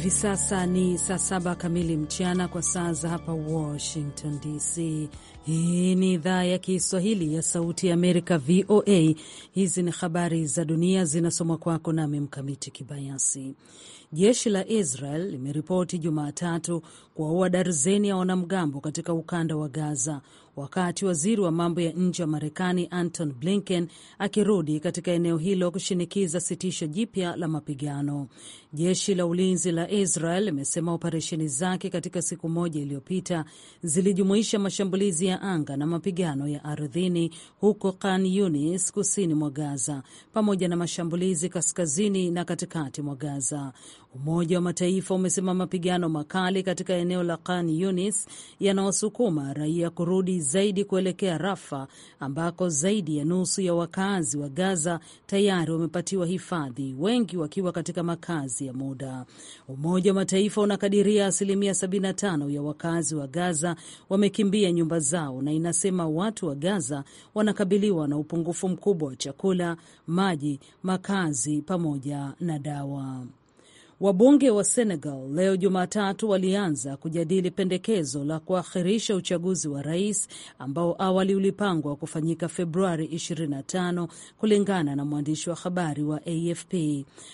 hivi sasa ni saa saba kamili mchana kwa saa za hapa Washington DC. Hii ni idhaa ya Kiswahili ya Sauti ya Amerika, VOA. Hizi ni habari za dunia zinasomwa kwako nami Mkamiti Kibayasi. Jeshi la Israel limeripoti Jumatatu kuwaua darzeni ya wanamgambo katika ukanda wa Gaza wakati waziri wa mambo ya nje wa Marekani Anton Blinken akirudi katika eneo hilo kushinikiza sitisho jipya la mapigano. Jeshi la ulinzi la Israel limesema operesheni zake katika siku moja iliyopita zilijumuisha mashambulizi ya anga na mapigano ya ardhini huko Khan Yunis, kusini mwa Gaza, pamoja na mashambulizi kaskazini na katikati mwa Gaza. Umoja wa Mataifa umesema mapigano makali katika eneo la Khan Yunis yanawasukuma raia kurudi zaidi kuelekea Rafa ambako zaidi ya nusu ya wakazi wa Gaza tayari wamepatiwa hifadhi, wengi wakiwa katika makazi ya muda. Umoja wa Mataifa unakadiria asilimia 75 ya wakazi wa Gaza wamekimbia nyumba zao na inasema watu wa Gaza wanakabiliwa na upungufu mkubwa wa chakula, maji, makazi pamoja na dawa. Wabunge wa Senegal leo Jumatatu walianza kujadili pendekezo la kuakhirisha uchaguzi wa rais ambao awali ulipangwa kufanyika Februari 25, kulingana na mwandishi wa habari wa AFP.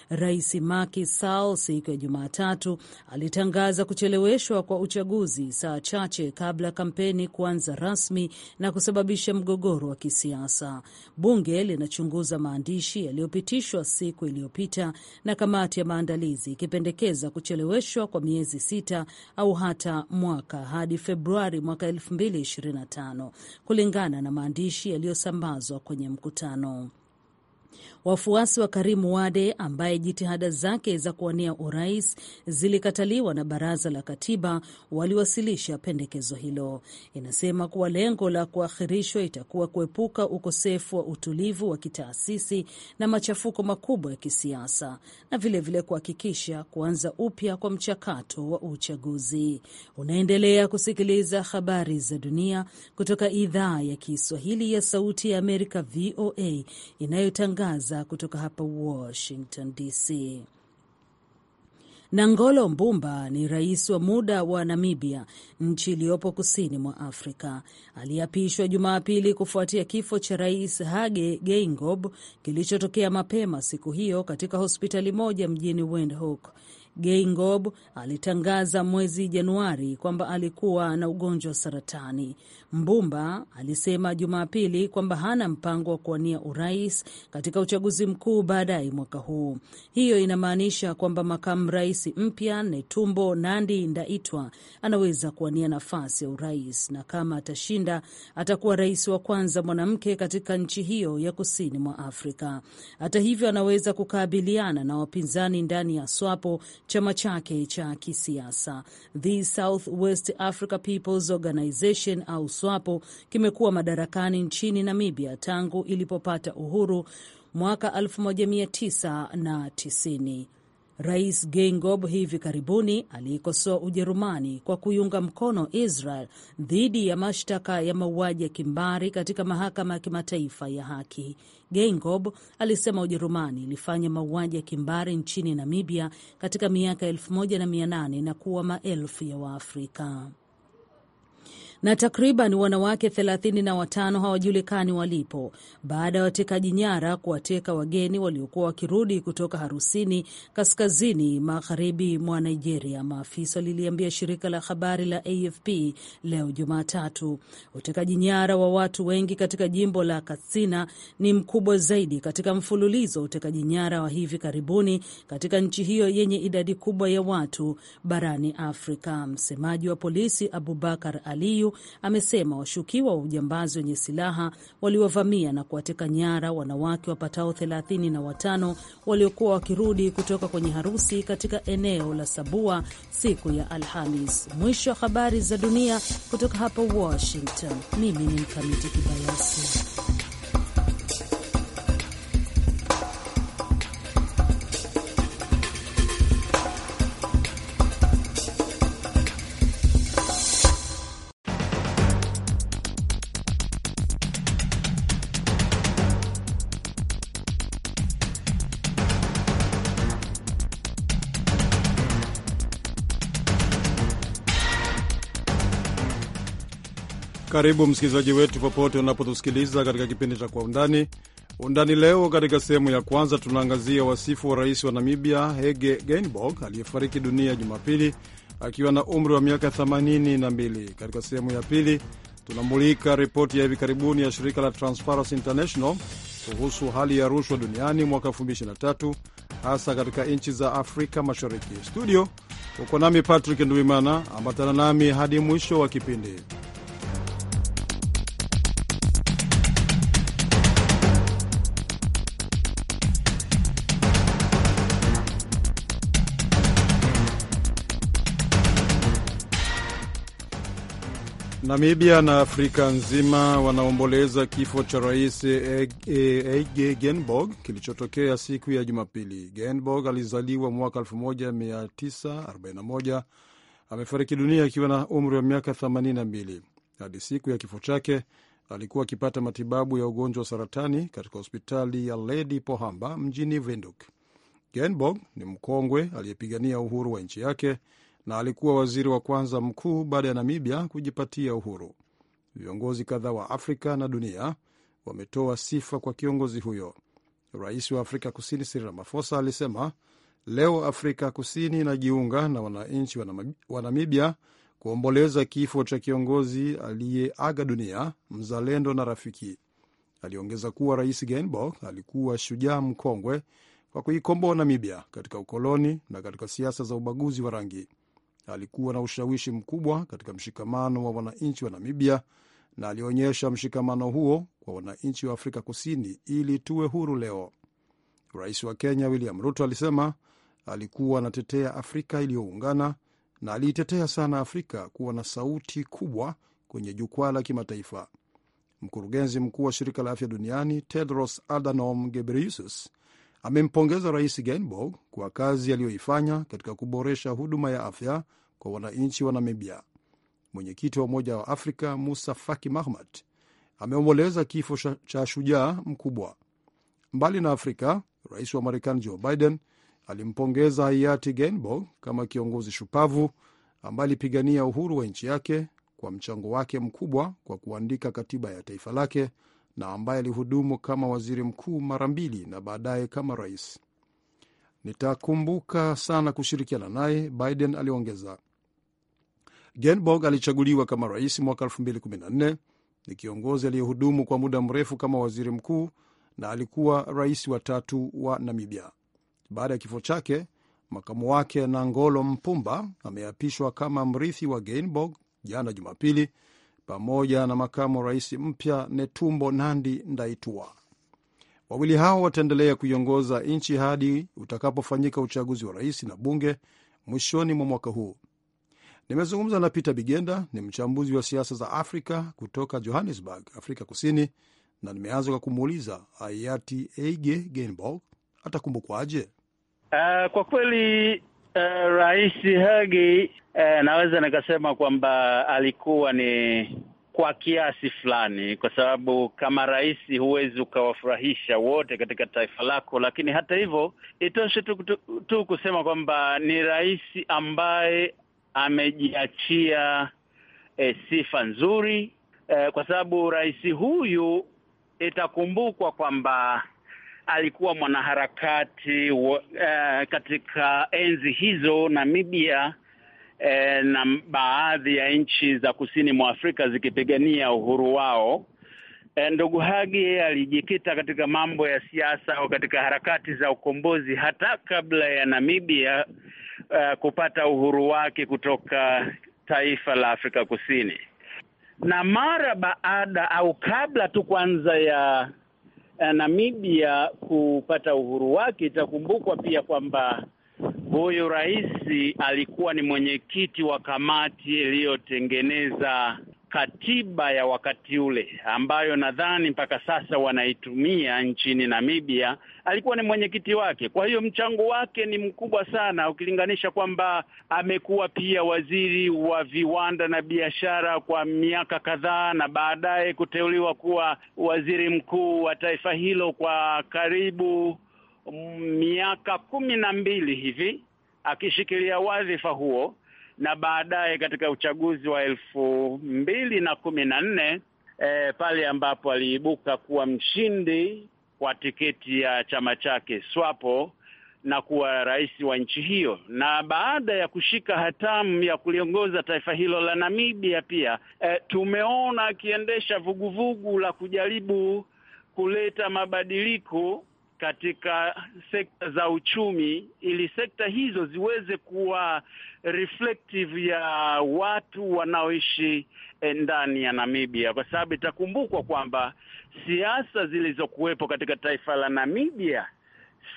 Rais Macky Sall siku ya Jumatatu alitangaza kucheleweshwa kwa uchaguzi saa chache kabla ya kampeni kuanza rasmi na kusababisha mgogoro wa kisiasa. Bunge linachunguza maandishi yaliyopitishwa siku iliyopita na kamati ya maandalizi ikipendekeza kucheleweshwa kwa miezi sita au hata mwaka hadi Februari mwaka 2025 kulingana na maandishi yaliyosambazwa kwenye mkutano. Wafuasi wa Karimu Wade ambaye jitihada zake za kuwania urais zilikataliwa na baraza la katiba waliwasilisha pendekezo hilo. Inasema kuwa lengo la kuahirishwa itakuwa kuepuka ukosefu wa utulivu wa kitaasisi na machafuko makubwa ya kisiasa na vilevile kuhakikisha kuanza upya kwa mchakato wa uchaguzi. Unaendelea kusikiliza habari za dunia kutoka idhaa ya Kiswahili ya Sauti ya Amerika, VOA, inayotangaza Kiingereza kutoka hapa Washington DC. Nangolo Mbumba ni rais wa muda wa Namibia, nchi iliyopo kusini mwa Afrika. Aliapishwa Jumapili kufuatia kifo cha Rais Hage Geingob kilichotokea mapema siku hiyo katika hospitali moja mjini Windhoek. Geingob alitangaza mwezi Januari kwamba alikuwa na ugonjwa wa saratani. Mbumba alisema Jumapili kwamba hana mpango wa kuwania urais katika uchaguzi mkuu baadaye mwaka huu. Hiyo inamaanisha kwamba makamu rais mpya Netumbo Nandi Ndaitwa anaweza kuwania nafasi ya urais, na kama atashinda atakuwa rais wa kwanza mwanamke katika nchi hiyo ya kusini mwa Afrika. Hata hivyo, anaweza kukabiliana na wapinzani ndani ya SWAPO chama chake cha kisiasa. The South West Africa Peoples Organization au SWAPO kimekuwa madarakani nchini Namibia tangu ilipopata uhuru mwaka 1990. Rais Gingob hivi karibuni aliikosoa Ujerumani kwa kuiunga mkono Israel dhidi ya mashtaka ya mauaji ya kimbari katika mahakama ya kimataifa ya haki. Gingob alisema Ujerumani ilifanya mauaji ya kimbari nchini Namibia katika miaka 1800 na kuwa maelfu ya Waafrika na takriban wanawake thelathini na watano hawajulikani walipo baada ya watekaji nyara kuwateka wageni waliokuwa wakirudi kutoka harusini kaskazini magharibi mwa Nigeria, maafisa waliliambia shirika la habari la AFP leo Jumatatu. Utekaji nyara wa watu wengi katika jimbo la Katsina ni mkubwa zaidi katika mfululizo wa utekaji nyara wa hivi karibuni katika nchi hiyo yenye idadi kubwa ya watu barani Afrika. Msemaji wa polisi Abubakar Aliyu amesema washukiwa wa ujambazi wenye silaha waliovamia na kuwateka nyara wanawake wapatao 35 waliokuwa wakirudi kutoka kwenye harusi katika eneo la Sabua siku ya Alhamis. Mwisho wa habari za dunia kutoka hapa Washington. Mimi ni Mkamiti Kibayasi. Karibu msikilizaji wetu popote unapotusikiliza katika kipindi cha Kwa Undani. Undani leo, katika sehemu ya kwanza tunaangazia wasifu wa rais wa Namibia Hage Geingob aliyefariki dunia Jumapili akiwa na umri wa miaka 82. Katika sehemu ya pili tunamulika ripoti ya hivi karibuni ya shirika la Transparency International kuhusu hali ya rushwa duniani mwaka 2023 hasa katika nchi za Afrika Mashariki. Studio uko nami Patrick Nduimana, ambatana nami hadi mwisho wa kipindi. Namibia na Afrika nzima wanaomboleza kifo cha rais e-, e-, ege genborg kilichotokea siku ya Jumapili. genborg alizaliwa mwaka 1941 amefariki dunia akiwa na umri wa miaka 82. Hadi siku ya kifo chake alikuwa akipata matibabu ya ugonjwa wa saratani katika hospitali ya Lady Pohamba mjini Windhoek. genborg ni mkongwe aliyepigania uhuru wa nchi yake na alikuwa waziri wa kwanza mkuu baada ya Namibia kujipatia uhuru. Viongozi kadhaa wa Afrika na dunia wametoa sifa kwa kiongozi huyo. Rais wa Afrika Kusini Cyril Ramaphosa alisema leo Afrika Kusini inajiunga na wananchi wa Namibia kuomboleza kifo cha kiongozi aliyeaga dunia, mzalendo na rafiki. Aliongeza kuwa Rais Geingob alikuwa shujaa mkongwe kwa kuikomboa Namibia katika ukoloni na katika siasa za ubaguzi wa rangi alikuwa na ushawishi mkubwa katika mshikamano wa wananchi wa Namibia na alionyesha mshikamano huo kwa wananchi wa Afrika Kusini ili tuwe huru leo. Rais wa Kenya William Ruto alisema alikuwa anatetea Afrika iliyoungana na aliitetea sana Afrika kuwa na sauti kubwa kwenye jukwaa la kimataifa. Mkurugenzi mkuu wa shirika la afya duniani Tedros Adhanom Ghebreyesus amempongeza Rais Geingob kwa kazi aliyoifanya katika kuboresha huduma ya afya kwa wananchi wa Namibia. Mwenyekiti wa Umoja wa Afrika Musa Faki Mahamat ameomboleza kifo cha shujaa mkubwa. Mbali na Afrika, rais wa Marekani Joe Biden alimpongeza hayati Geingob kama kiongozi shupavu ambaye alipigania uhuru wa nchi yake kwa mchango wake mkubwa kwa kuandika katiba ya taifa lake na ambaye alihudumu kama waziri mkuu mara mbili na baadaye kama rais. Nitakumbuka sana kushirikiana naye, Biden aliongeza. Genborg alichaguliwa kama rais mwaka 2014. Ni kiongozi aliyehudumu kwa muda mrefu kama waziri mkuu na alikuwa rais wa tatu wa Namibia. Baada ya kifo chake, makamu wake Nangolo Mpumba ameapishwa kama mrithi wa Genborg jana Jumapili, pamoja na makamu rais mpya Netumbo Nandi Ndaitua. Wawili hao wataendelea kuiongoza nchi hadi utakapofanyika uchaguzi wa rais na bunge mwishoni mwa mwaka huu. Nimezungumza na Peter Bigenda, ni mchambuzi wa siasa za Afrika kutoka Johannesburg, Afrika Kusini, na nimeanza kwa kumuuliza hayati Eige genbog atakumbukwaje? Uh, kwa kweli Uh, Rais Hagi uh, naweza nikasema kwamba alikuwa ni kwa kiasi fulani, kwa sababu kama rais huwezi ukawafurahisha wote katika taifa lako, lakini hata hivyo itoshe tu, tu, tu kusema kwamba ni rais ambaye amejiachia e, sifa nzuri e, kwa sababu rais huyu itakumbukwa kwamba alikuwa mwanaharakati uh, katika enzi hizo Namibia eh, na baadhi ya nchi za kusini mwa Afrika zikipigania uhuru wao. Eh, ndugu hagi alijikita katika mambo ya siasa au katika harakati za ukombozi hata kabla ya Namibia uh, kupata uhuru wake kutoka taifa la Afrika Kusini. Na mara baada au kabla tu kwanza ya Eh, Namibia kupata uhuru wake, itakumbukwa pia kwamba huyu rais alikuwa ni mwenyekiti wa kamati iliyotengeneza katiba ya wakati ule ambayo nadhani mpaka sasa wanaitumia nchini Namibia, alikuwa ni mwenyekiti wake. Kwa hiyo mchango wake ni mkubwa sana, ukilinganisha kwamba amekuwa pia waziri wa viwanda na biashara kwa miaka kadhaa, na baadaye kuteuliwa kuwa waziri mkuu wa taifa hilo kwa karibu mm, miaka kumi na mbili hivi akishikilia wadhifa huo na baadaye katika uchaguzi wa elfu mbili na kumi na nne eh, pale ambapo aliibuka kuwa mshindi kwa tiketi ya chama chake SWAPO na kuwa rais wa nchi hiyo. Na baada ya kushika hatamu ya kuliongoza taifa hilo la Namibia pia e, tumeona akiendesha vuguvugu la kujaribu kuleta mabadiliko katika sekta za uchumi ili sekta hizo ziweze kuwa reflective ya watu wanaoishi eh, ndani ya Namibia, kwa sababu itakumbukwa kwamba siasa zilizokuwepo katika taifa la Namibia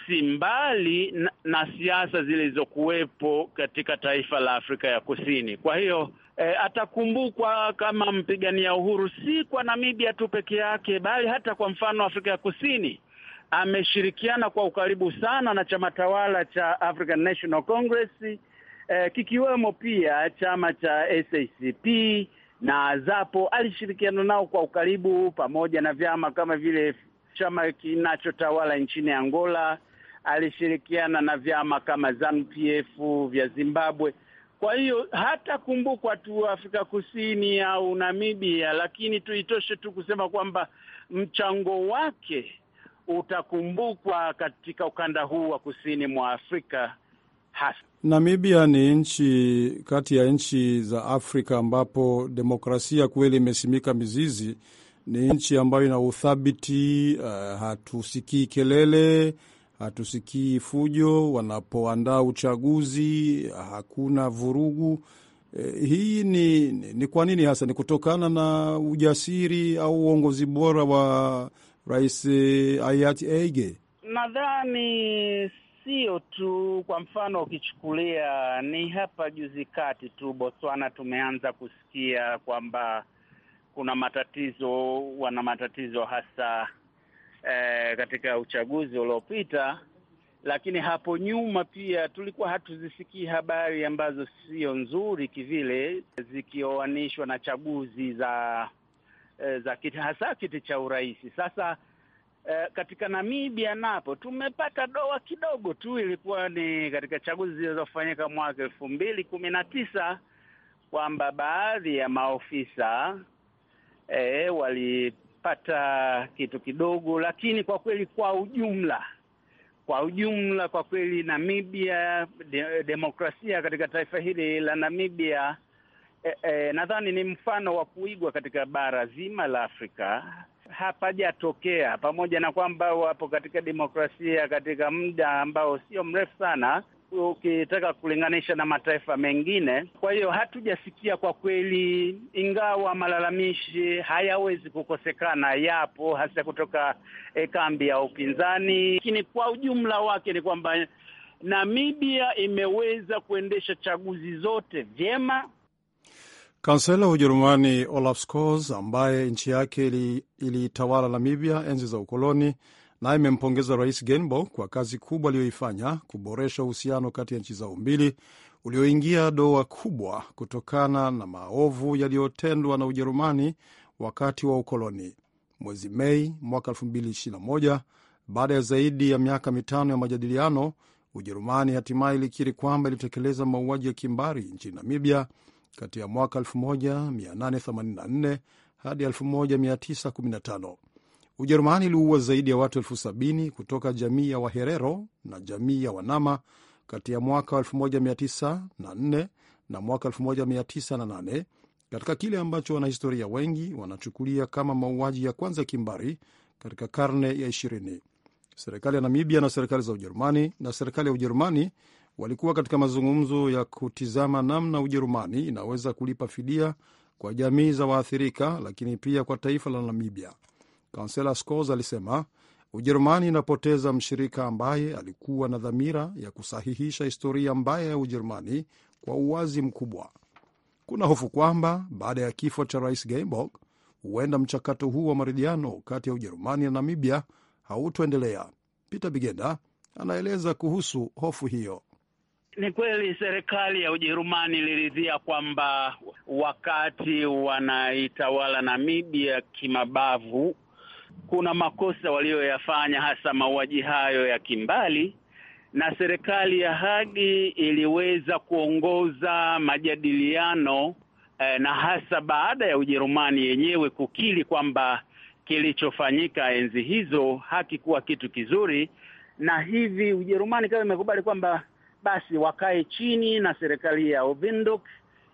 si mbali na, na siasa zilizokuwepo katika taifa la Afrika ya Kusini. Kwa hiyo e, atakumbukwa kama mpigania uhuru si kwa Namibia tu peke yake, bali hata kwa mfano Afrika ya Kusini ameshirikiana kwa ukaribu sana na chama tawala cha African National Congress eh, kikiwemo pia chama cha SACP na ZAPO. Alishirikiana nao kwa ukaribu, pamoja na vyama kama vile chama kinachotawala nchini Angola. Alishirikiana na vyama kama ZANU-PF vya Zimbabwe. Kwa hiyo hata kumbukwa tu Afrika Kusini au Namibia, lakini tuitoshe tu kusema kwamba mchango wake utakumbukwa katika ukanda huu wa kusini mwa Afrika hasa. Namibia ni nchi kati ya nchi za Afrika ambapo demokrasia kweli imesimika mizizi. Ni nchi ambayo ina uthabiti. Uh, hatusikii kelele, hatusikii fujo wanapoandaa uchaguzi, hakuna vurugu. Uh, hii ni, ni kwa nini hasa? Ni kutokana na ujasiri au uongozi bora wa Rais eh, Hayati Eige? Nadhani sio tu, kwa mfano ukichukulia ni hapa juzi kati tu Botswana tumeanza kusikia kwamba kuna matatizo, wana matatizo hasa eh, katika uchaguzi uliopita, lakini hapo nyuma pia tulikuwa hatuzisikii habari ambazo sio nzuri kivile zikioanishwa na chaguzi za Eh, za kiti, hasa kiti cha urais. Sasa e, katika Namibia napo tumepata doa kidogo tu, ilikuwa ni katika chaguzi zilizofanyika mwaka elfu mbili kumi na tisa kwamba baadhi ya maofisa e, walipata kitu kidogo, lakini kwa kweli kwa ujumla kwa ujumla kwa kweli Namibia de, demokrasia katika taifa hili la Namibia E, e, nadhani ni mfano wa kuigwa katika bara zima la Afrika. Hapajatokea, pamoja na kwamba wapo katika demokrasia katika muda ambao sio mrefu sana ukitaka kulinganisha na mataifa mengine. Kwa hiyo hatujasikia kwa kweli, ingawa malalamishi hayawezi kukosekana, yapo hasa kutoka e, kambi ya upinzani, lakini kwa ujumla wake ni kwamba Namibia imeweza kuendesha chaguzi zote vyema Kansela wa Ujerumani Olaf Scholz, ambaye nchi yake iliitawala ili Namibia enzi za ukoloni, naye imempongeza Rais Genbo kwa kazi kubwa aliyoifanya kuboresha uhusiano kati ya nchi zao mbili ulioingia doa kubwa kutokana na maovu yaliyotendwa na Ujerumani wakati wa ukoloni. Mwezi Mei mwaka 2021 baada ya zaidi ya miaka mitano ya majadiliano, Ujerumani hatimaye ilikiri kwamba ilitekeleza mauaji ya kimbari nchini Namibia kati ya mwaka 1884 hadi 1915. Ujerumani iliua zaidi ya watu elfu sabini kutoka jamii ya Waherero na jamii ya Wanama kati ya mwaka 1904 na mwaka 1908 katika kile ambacho wanahistoria wengi wanachukulia kama mauaji ya kwanza ya kimbari katika karne ya ishirini. Serikali ya Namibia na serikali za Ujerumani na serikali ya Ujerumani walikuwa katika mazungumzo ya kutizama namna Ujerumani inaweza kulipa fidia kwa jamii za waathirika, lakini pia kwa taifa la Namibia. Kansela Scholz alisema Ujerumani inapoteza mshirika ambaye alikuwa na dhamira ya kusahihisha historia mbaya ya Ujerumani kwa uwazi mkubwa. Kuna hofu kwamba baada ya kifo cha rais Geingob huenda mchakato huu wa maridhiano kati ya Ujerumani na Namibia hautoendelea. Peter Bigenda anaeleza kuhusu hofu hiyo. Ni kweli serikali ya Ujerumani iliridhia kwamba wakati wanaitawala Namibia kimabavu, kuna makosa waliyoyafanya, hasa mauaji hayo ya kimbali, na serikali ya Hagi iliweza kuongoza majadiliano eh, na hasa baada ya Ujerumani yenyewe kukiri kwamba kilichofanyika enzi hizo hakikuwa kitu kizuri, na hivi Ujerumani kama imekubali kwamba basi wakae chini na serikali ya Ovindok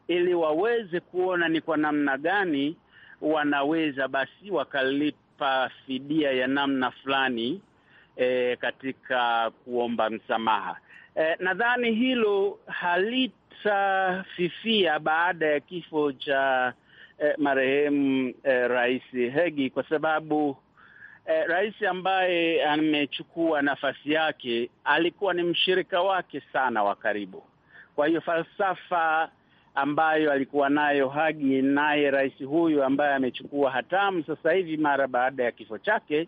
ili waweze kuona ni kwa namna gani wanaweza basi wakalipa fidia ya namna fulani e, katika kuomba msamaha. E, nadhani hilo halitafifia baada ya kifo cha e, marehemu e, Rais Hegi kwa sababu eh, rais ambaye amechukua nafasi yake alikuwa ni mshirika wake sana wa karibu. Kwa hiyo falsafa ambayo alikuwa nayo Hagi, naye rais huyu ambaye amechukua hatamu sasa hivi mara baada ya kifo chake,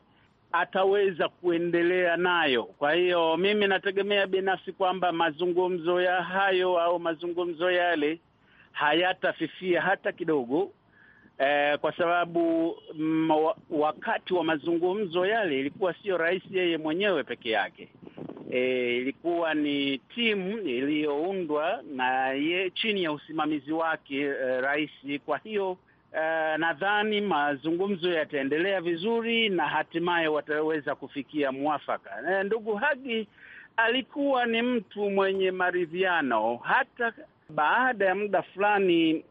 ataweza kuendelea nayo. Kwa hiyo mimi nategemea binafsi kwamba mazungumzo ya hayo au mazungumzo yale hayatafifia hata kidogo, eh, kwa sababu m, mm, wakati wa mazungumzo yale ilikuwa sio rais yeye mwenyewe peke yake. E, ilikuwa ni timu iliyoundwa na ye, chini ya usimamizi wake e, rais. Kwa hiyo e, nadhani mazungumzo yataendelea vizuri na hatimaye wataweza kufikia mwafaka. E, ndugu Hagi alikuwa ni mtu mwenye maridhiano, hata baada ya muda fulani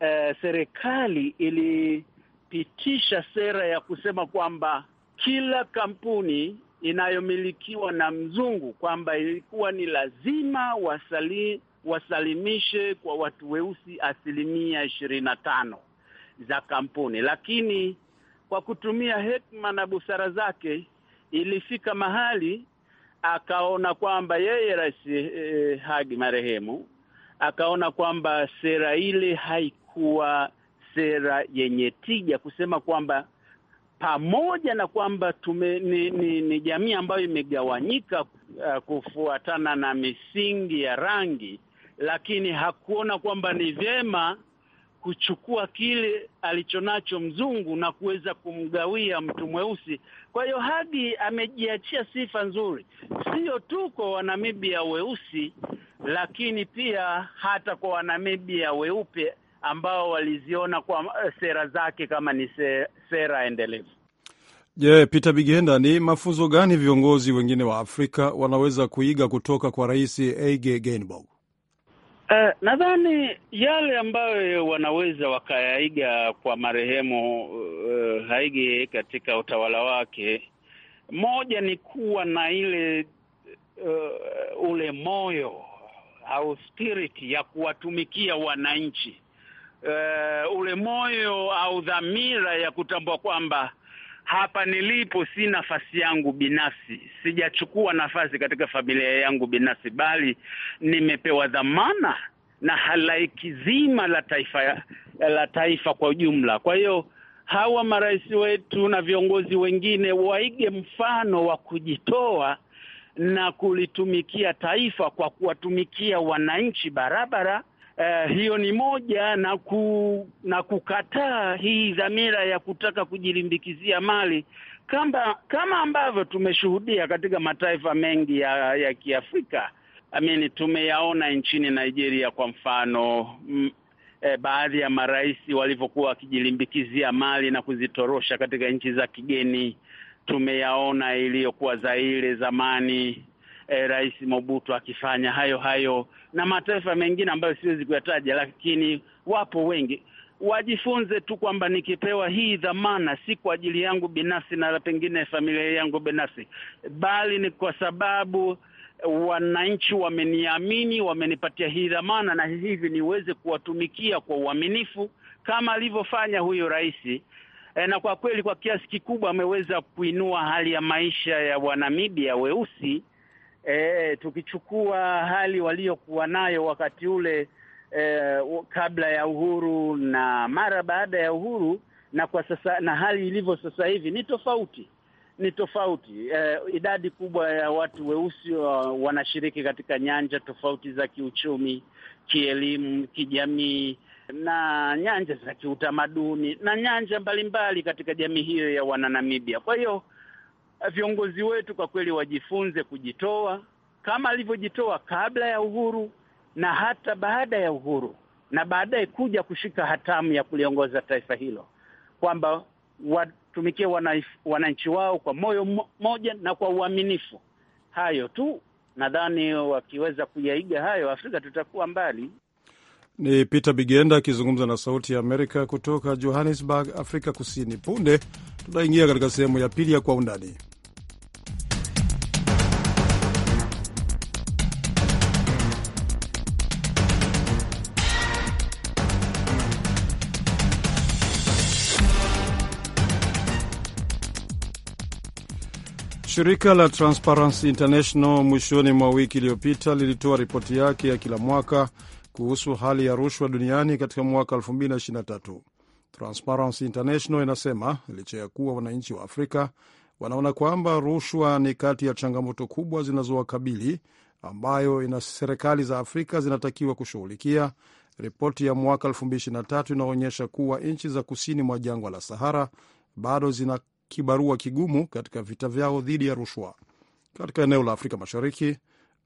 eh, serikali ilipitisha sera ya kusema kwamba kila kampuni inayomilikiwa na mzungu kwamba ilikuwa ni lazima wasali, wasalimishe kwa watu weusi asilimia ishirini na tano za kampuni, lakini kwa kutumia hekima na busara zake ilifika mahali akaona kwamba yeye Rais eh, Hagi marehemu akaona kwamba sera ile haikuwa sera yenye tija, kusema kwamba pamoja na kwamba tume, ni, ni, ni jamii ambayo imegawanyika uh, kufuatana na misingi ya rangi, lakini hakuona kwamba ni vyema kuchukua kile alichonacho mzungu na kuweza kumgawia mtu mweusi. Kwa hiyo hadi amejiachia sifa nzuri, sio tu kwa Wanamibia weusi, lakini pia hata kwa Wanamibia weupe ambao waliziona kwa eh, sera zake kama ni sera endelevu. Je, yeah, Peter Bigenda, ni mafunzo gani viongozi wengine wa Afrika wanaweza kuiga kutoka kwa Rais Age Geingob? Uh, nadhani yale ambayo wanaweza wakayaiga kwa marehemu uh, Haigi katika utawala wake, moja ni kuwa na ile uh, ule moyo au spirit ya kuwatumikia wananchi uh, ule moyo au dhamira ya kutambua kwamba hapa nilipo si nafasi yangu binafsi, sijachukua nafasi katika familia yangu binafsi, bali nimepewa dhamana na halaiki zima la taifa la taifa kwa ujumla. Kwa hiyo hawa marais wetu na viongozi wengine waige mfano wa kujitoa na kulitumikia taifa kwa kuwatumikia wananchi barabara Uh, hiyo ni moja na, ku, na kukataa hii dhamira ya kutaka kujilimbikizia mali kama, kama ambavyo tumeshuhudia katika mataifa mengi ya, ya Kiafrika. Amini tumeyaona nchini Nigeria kwa mfano m, mm, e, eh, baadhi ya marais walivyokuwa wakijilimbikizia mali na kuzitorosha katika nchi za kigeni. Tumeyaona iliyokuwa Zaire zamani eh, Rais Mobutu akifanya hayo hayo na mataifa mengine ambayo siwezi kuyataja, lakini wapo wengi. Wajifunze tu kwamba nikipewa hii dhamana, si kwa ajili yangu binafsi na pengine familia yangu binafsi, bali ni kwa sababu wananchi wameniamini, wamenipatia hii dhamana, na hivi niweze kuwatumikia kwa uaminifu kama alivyofanya huyo rais eh, na kwa kweli kwa kiasi kikubwa ameweza kuinua hali ya maisha ya Wanamibia weusi e, tukichukua hali waliokuwa nayo wakati ule e, kabla ya uhuru na mara baada ya uhuru na kwa sasa na hali ilivyo sasa hivi ni tofauti ni tofauti. E, idadi kubwa ya watu weusi wanashiriki katika nyanja tofauti za kiuchumi, kielimu, kijamii na nyanja za kiutamaduni na nyanja mbalimbali katika jamii hiyo ya Wananamibia. Kwa hiyo Eh, viongozi wetu kwa kweli wajifunze kujitoa kama alivyojitoa kabla ya uhuru na hata baada ya uhuru na baadaye kuja kushika hatamu ya kuliongoza taifa hilo, kwamba watumikie wananchi wao kwa moyo mmoja na kwa uaminifu. Hayo tu nadhani, wakiweza kuyaiga hayo, Afrika tutakuwa mbali. Ni Peter Bigenda akizungumza na Sauti ya Amerika kutoka Johannesburg, Afrika Kusini. Punde tunaingia katika sehemu ya pili ya Kwa Undani. Shirika la Transparency International mwishoni mwa wiki iliyopita lilitoa ripoti yake ya kila mwaka kuhusu hali ya rushwa duniani katika mwaka 2023. Transparency International inasema licha ya kuwa wananchi wa Afrika wanaona kwamba rushwa ni kati ya changamoto kubwa zinazowakabili ambayo ina serikali za Afrika zinatakiwa kushughulikia. Ripoti ya mwaka 2023 inaonyesha kuwa nchi za kusini mwa jangwa la Sahara bado zina kibarua kigumu katika vita vyao dhidi ya rushwa. Katika eneo la Afrika Mashariki,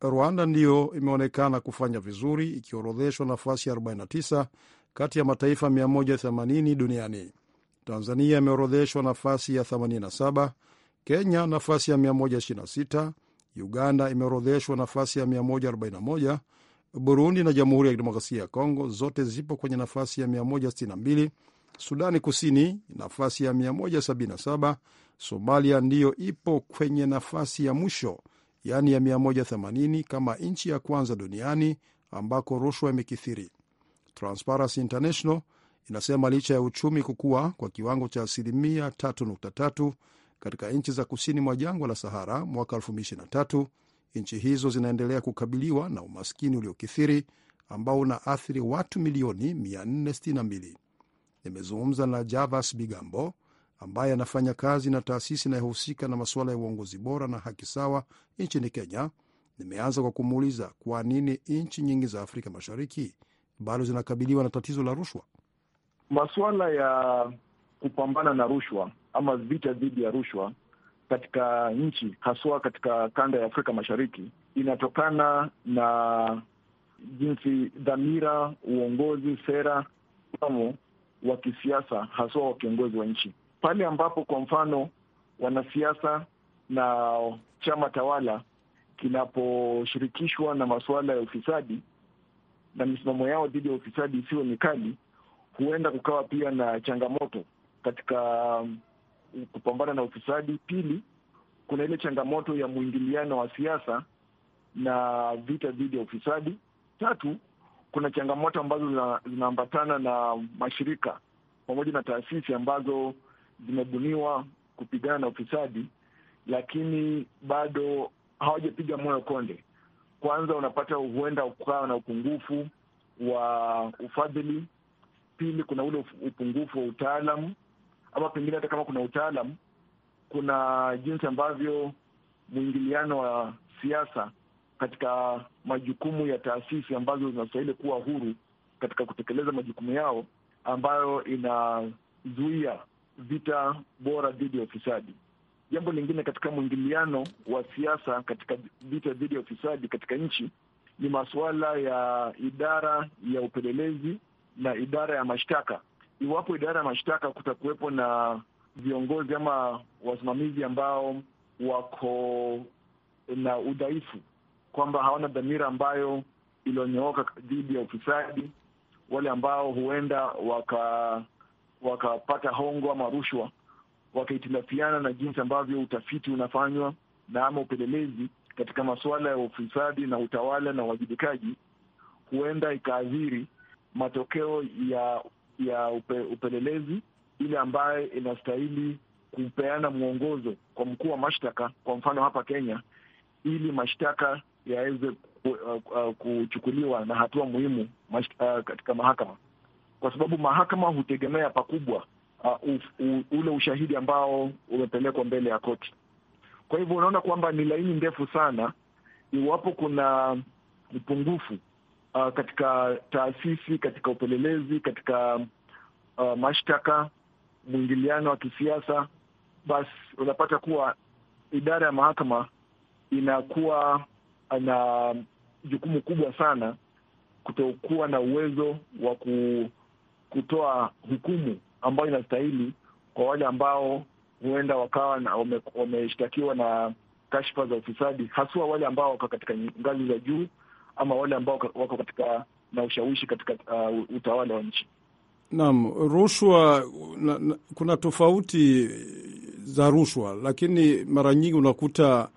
Rwanda ndiyo imeonekana kufanya vizuri ikiorodheshwa nafasi ya 49 kati ya mataifa 180 duniani. Tanzania imeorodheshwa nafasi ya 87, Kenya nafasi ya 126, Uganda imeorodheshwa nafasi ya 141, Burundi na Jamhuri ya Kidemokrasia ya Kongo zote zipo kwenye nafasi ya 162 Sudani Kusini nafasi ya 177. Somalia ndiyo ipo kwenye nafasi ya mwisho, yaani ya 180 kama nchi ya kwanza duniani ambako rushwa imekithiri. Transparency International inasema licha ya uchumi kukua kwa kiwango cha asilimia 3.3 katika nchi za kusini mwa jangwa la Sahara mwaka 2023, nchi hizo zinaendelea kukabiliwa na umaskini uliokithiri ambao unaathiri watu milioni 462. Nimezungumza na Javas Bigambo ambaye anafanya kazi na taasisi inayohusika na masuala ya uongozi bora na haki sawa nchini Kenya. Nimeanza kwa kumuuliza kwa nini nchi nyingi za Afrika Mashariki bado zinakabiliwa na tatizo la rushwa. Masuala ya kupambana na rushwa ama vita dhidi ya rushwa katika nchi haswa katika kanda ya Afrika Mashariki inatokana na jinsi dhamira, uongozi, sera, wa kisiasa, haswa wa kiongozi wa nchi, pale ambapo kwa mfano wanasiasa na chama tawala kinaposhirikishwa na masuala ya ufisadi na misimamo yao dhidi ya ufisadi isiyo mikali, huenda kukawa pia na changamoto katika mm, kupambana na ufisadi. Pili, kuna ile changamoto ya mwingiliano wa siasa na vita dhidi ya ufisadi. Tatu, kuna changamoto ambazo zinaambatana na mashirika pamoja na taasisi ambazo zimebuniwa kupigana na ufisadi, lakini bado hawajapiga moyo konde. Kwanza unapata huenda ukawa na upungufu wa ufadhili. Pili, kuna ule upungufu wa utaalamu, ama pengine hata kama kuna utaalamu, kuna jinsi ambavyo mwingiliano wa siasa katika majukumu ya taasisi ambazo zinastahili kuwa huru katika kutekeleza majukumu yao, ambayo inazuia vita bora dhidi ya ufisadi. Jambo lingine katika mwingiliano wa siasa katika vita dhidi ya ufisadi katika nchi ni masuala ya idara ya upelelezi na idara ya mashtaka. Iwapo idara ya mashtaka kutakuwepo na viongozi ama wasimamizi ambao wako na udhaifu kwamba hawana dhamira ambayo ilionyooka dhidi ya ufisadi, wale ambao huenda waka wakapata hongo ama rushwa wakahitilafiana na jinsi ambavyo utafiti unafanywa na ama upelelezi katika masuala ya ufisadi na utawala na uwajibikaji, huenda ikaathiri matokeo ya ya upe, upelelezi ile ambayo inastahili kupeana mwongozo kwa mkuu wa mashtaka, kwa mfano hapa Kenya, ili mashtaka yaweze uh, uh, kuchukuliwa na hatua muhimu uh, katika mahakama, kwa sababu mahakama hutegemea pakubwa uh, ule ushahidi ambao umepelekwa mbele ya koti. Kwa hivyo unaona kwamba ni laini ndefu sana iwapo kuna upungufu uh, katika taasisi, katika upelelezi, katika uh, mashtaka, mwingiliano wa kisiasa, basi unapata kuwa idara ya mahakama inakuwa ana jukumu kubwa sana kutokuwa na uwezo wa kutoa hukumu ambayo inastahili kwa wale ambao huenda wakawa wameshtakiwa na, wame na kashfa za ufisadi, haswa wale ambao wako katika ngazi za juu ama wale ambao wako katika na ushawishi katika uh, utawala wa nchi. Naam, rushwa na, na, kuna tofauti za rushwa, lakini mara nyingi unakuta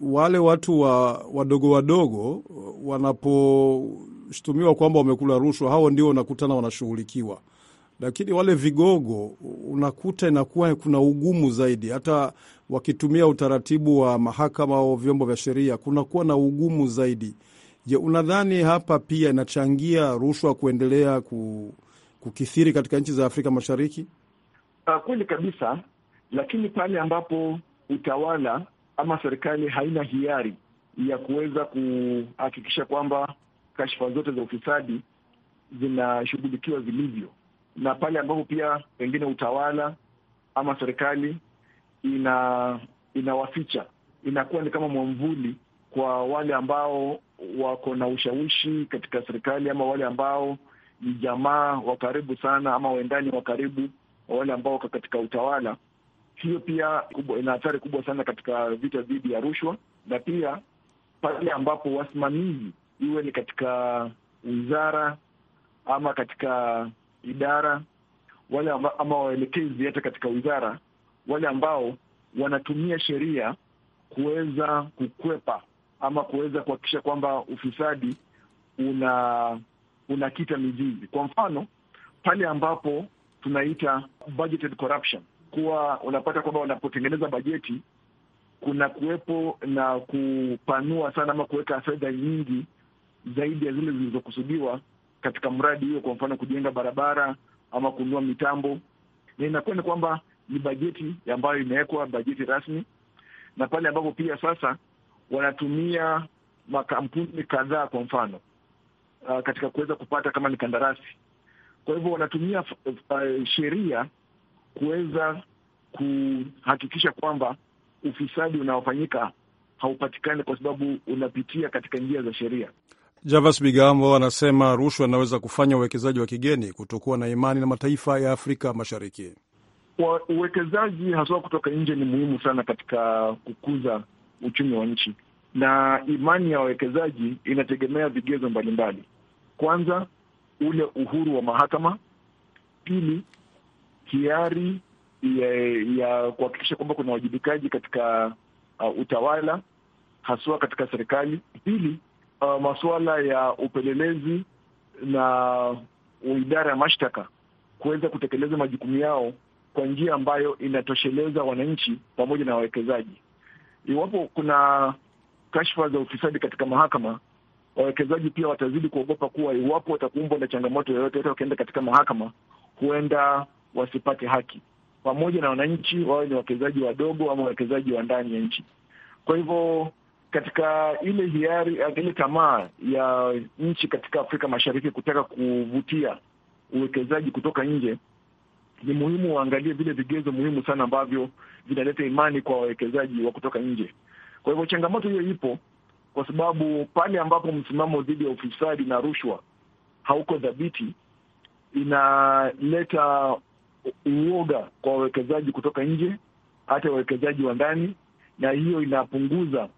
wale watu wa wadogo wadogo wanaposhutumiwa kwamba wamekula rushwa, hao ndio unakutana wanashughulikiwa, lakini wale vigogo unakuta inakuwa kuna ugumu zaidi. Hata wakitumia utaratibu wa mahakama au vyombo vya sheria, kunakuwa na ugumu zaidi. Je, unadhani hapa pia inachangia rushwa kuendelea kukithiri katika nchi za Afrika Mashariki? Ah, kweli kabisa, lakini pale ambapo utawala ama serikali haina hiari ya kuweza kuhakikisha kwamba kashfa zote za ufisadi zinashughulikiwa vilivyo, na pale ambapo pia pengine utawala ama serikali ina inawaficha, inakuwa ni kama mwamvuli kwa wale ambao wako na ushawishi katika serikali ama wale ambao ni jamaa wa karibu sana ama waendani wa karibu wa wale ambao wako katika utawala hiyo pia kubwa, ina hatari kubwa sana katika vita dhidi ya rushwa, na pia pale ambapo wasimamizi iwe ni katika wizara ama katika idara wale amba, ama waelekezi hata katika wizara wale ambao wanatumia sheria kuweza kukwepa ama kuweza kuhakikisha kwamba ufisadi una unakita mizizi. Kwa mfano pale ambapo tunaita budgeted corruption, kuwa unapata kwamba wanapotengeneza bajeti kuna kuwepo na kupanua sana ama kuweka fedha nyingi zaidi ya zile zilizokusudiwa katika mradi huo, kwa mfano kujenga barabara ama kununua mitambo, na inakuwa ni kwamba ni bajeti ambayo imewekwa, bajeti rasmi, na pale ambapo pia sasa wanatumia makampuni kadhaa, kwa mfano uh, katika kuweza kupata kama ni kandarasi. Kwa hivyo wanatumia uh, uh sheria kuweza kuhakikisha kwamba ufisadi unaofanyika haupatikani kwa sababu unapitia katika njia za sheria. Javas Bigambo anasema rushwa inaweza kufanya uwekezaji wa kigeni kutokuwa na imani na mataifa ya Afrika Mashariki. Uwekezaji haswa kutoka nje ni muhimu sana katika kukuza uchumi wa nchi, na imani ya wawekezaji inategemea vigezo mbalimbali. Kwanza, ule uhuru wa mahakama; pili, hiari ya, ya kuhakikisha kwamba kuna uwajibikaji katika uh, utawala haswa katika serikali. Pili, uh, masuala ya upelelezi na idara ya mashtaka kuweza kutekeleza majukumu yao kwa njia ambayo inatosheleza wananchi pamoja na wawekezaji. Iwapo kuna kashfa za ufisadi katika mahakama, wawekezaji pia watazidi kuogopa kuwa iwapo watakumbwa na changamoto yoyote, hata wakienda katika mahakama, huenda wasipate haki, pamoja na wananchi wawe ni wawekezaji wadogo ama wawekezaji wa ndani ya nchi. Kwa hivyo katika ile hiari, ile tamaa ya nchi katika Afrika Mashariki kutaka kuvutia uwekezaji kutoka nje, ni muhimu waangalie vile vigezo muhimu sana ambavyo vinaleta imani kwa wawekezaji wa kutoka nje. Kwa hivyo changamoto hiyo ipo, kwa sababu pale ambapo msimamo dhidi ya ufisadi na rushwa hauko dhabiti, inaleta uoga kwa wawekezaji kutoka nje, hata wawekezaji wa ndani, na hiyo inapunguza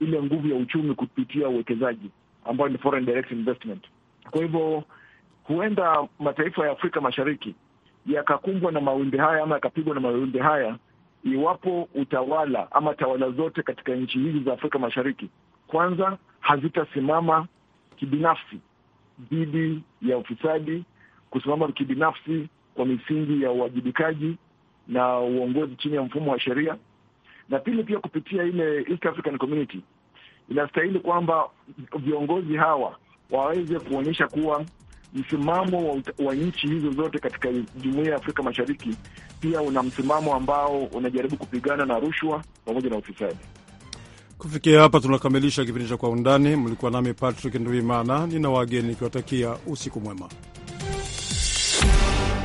ile nguvu ya uchumi kupitia uwekezaji ambayo ni foreign direct investment. Kwa hivyo huenda mataifa ya Afrika Mashariki yakakumbwa na mawimbi haya ama yakapigwa na mawimbi haya iwapo utawala ama tawala zote katika nchi hizi za Afrika Mashariki kwanza hazitasimama kibinafsi dhidi ya ufisadi, kusimama kibinafsi kwa misingi ya uwajibikaji na uongozi chini ya mfumo wa sheria, na pili pia kupitia ile East African Community inastahili kwamba viongozi hawa waweze kuonyesha kuwa msimamo wa, wa nchi hizo zote katika jumuiya ya Afrika Mashariki pia una msimamo ambao unajaribu kupigana na rushwa pamoja na ufisadi. Kufikia hapa tunakamilisha kipindi cha Kwa Undani. Mlikuwa nami Patrick nduimana nina wageni nikiwatakia usiku mwema.